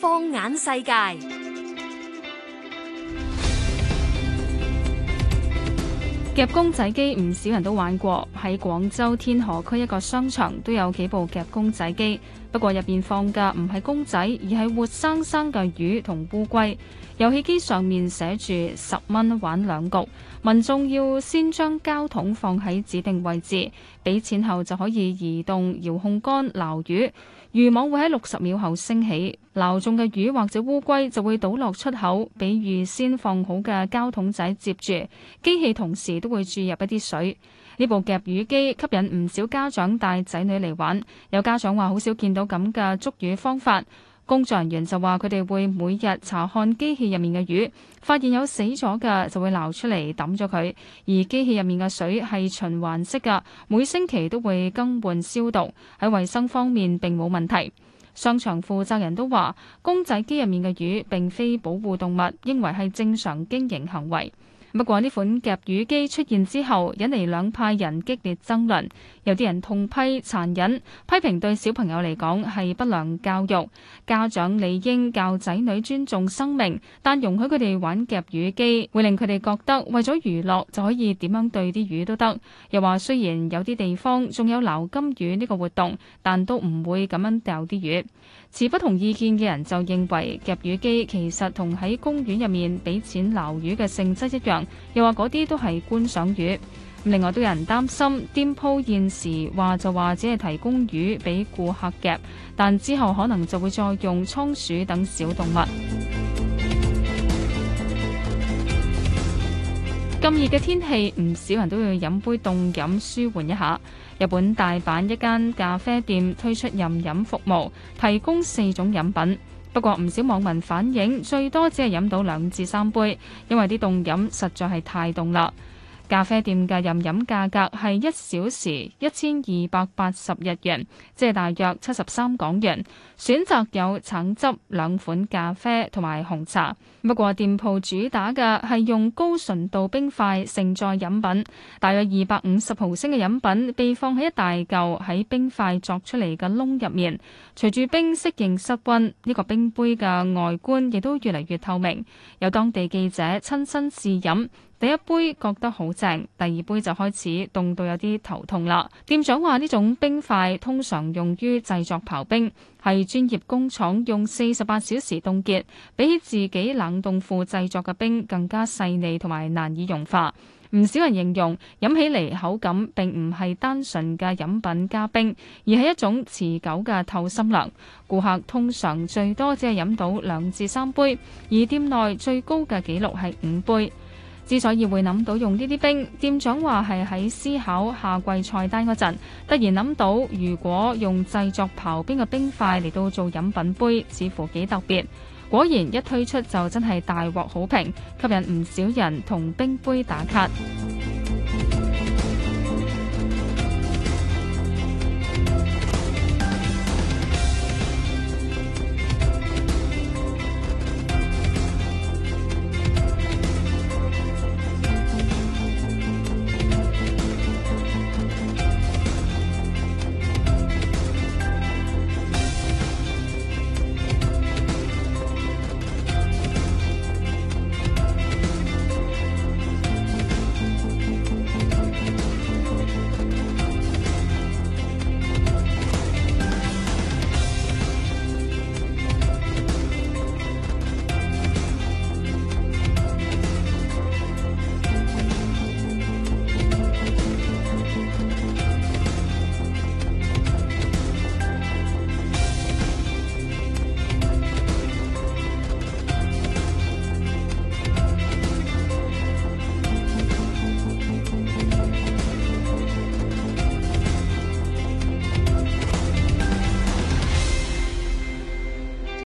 放眼世界，夾公仔機唔少人都玩過。喺廣州天河區一個商場都有幾部夾公仔機。不過入邊放嘅唔係公仔，而係活生生嘅魚同烏龜。遊戲機上面寫住十蚊玩兩局，民眾要先將膠桶放喺指定位置，俾錢後就可以移動遙控杆撈魚。魚網會喺六十秒後升起，撈中嘅魚或者烏龜就會倒落出口，俾預先放好嘅膠桶仔接住。機器同時都會注入一啲水。呢部夾魚機吸引唔少家長帶仔女嚟玩，有家長話好少見到咁嘅捉魚方法。工作人員就話佢哋會每日查看機器入面嘅魚，發現有死咗嘅就會撈出嚟抌咗佢。而機器入面嘅水係循環式嘅，每星期都會更換消毒，喺衛生方面並冇問題。商場負責人都話，公仔機入面嘅魚並非保護動物，認為係正常經營行為。不過呢款夾魚機出現之後，引嚟兩派人激烈爭論。有啲人痛批殘忍，批評對小朋友嚟講係不良教育，家長理應教仔女尊重生命，但容許佢哋玩夾魚機，會令佢哋覺得為咗娛樂就可以點樣對啲魚都得。又話雖然有啲地方仲有撈金魚呢個活動，但都唔會咁樣釣啲魚。持不同意見嘅人就認為夾魚機其實同喺公園入面俾錢撈魚嘅性質一樣，又話嗰啲都係觀賞魚。另外都有人擔心，店鋪現時話就話只係提供魚俾顧客夾，但之後可能就會再用倉鼠等小動物。咁熱嘅天氣，唔少人都要飲杯凍飲舒緩一下。日本大阪一間咖啡店推出任飲服務，提供四種飲品。不過唔少網民反映，最多只係飲到兩至三杯，因為啲凍飲實在係太凍啦。咖啡店嘅任飲價格係一小時一千二百八十日元，即係大約七十三港元。選擇有橙汁兩款咖啡同埋紅茶，不過店鋪主打嘅係用高純度冰塊盛載飲品，大約二百五十毫升嘅飲品被放喺一大舊喺冰塊作出嚟嘅窿入面，隨住冰適應室溫，呢個冰杯嘅外觀亦都越嚟越透明。有當地記者親身試飲。第一杯覺得好正，第二杯就開始凍到有啲頭痛啦。店長話：呢種冰塊通常用於製作刨冰，係專業工廠用四十八小時凍結，比起自己冷凍庫製作嘅冰更加細膩同埋難以融化。唔少人形容飲起嚟口感並唔係單純嘅飲品加冰，而係一種持久嘅透心涼。顧客通常最多只係飲到兩至三杯，而店內最高嘅記錄係五杯。之所以會諗到用呢啲冰，店長話係喺思考下季菜單嗰陣，突然諗到如果用製作刨冰嘅冰塊嚟到做飲品杯，似乎幾特別。果然一推出就真係大獲好評，吸引唔少人同冰杯打卡。